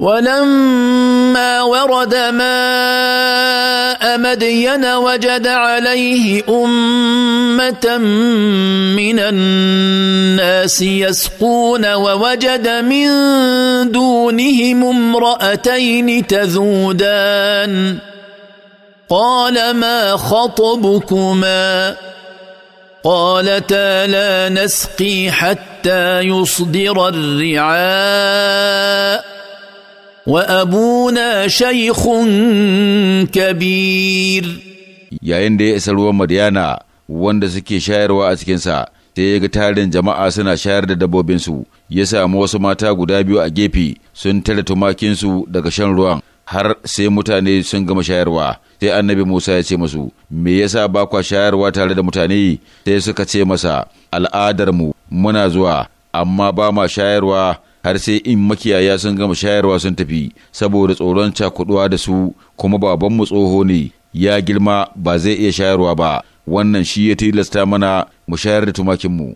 ولما ورد ماء مدين وجد عليه امه من الناس يسقون ووجد من دونهم امراتين تذودان قال ما خطبكما قالتا لا نسقي حتى يصدر الرعاء وأبونا شيخ كبير yayin da ya isa ruwan Madiyana wanda suke shayarwa a cikinsa sai ya ga tarin jama'a suna shayar da dabbobinsu ya samu wasu mata guda biyu a gefe sun tare tumakinsu daga shan ruwan har sai mutane sun gama shayarwa sai annabi Musa ya ce musu me yasa ba kwa shayarwa tare da mutane sai suka ce masa al'adar mu muna zuwa amma ba ma shayarwa har sai in makiyaya sun gama shayarwa sun tafi saboda tsoron cakuduwa da su kuma babanmu tsoho ne ya girma ba zai iya shayarwa ba wannan shi ya tilasta mana mu shayar da tumakinmu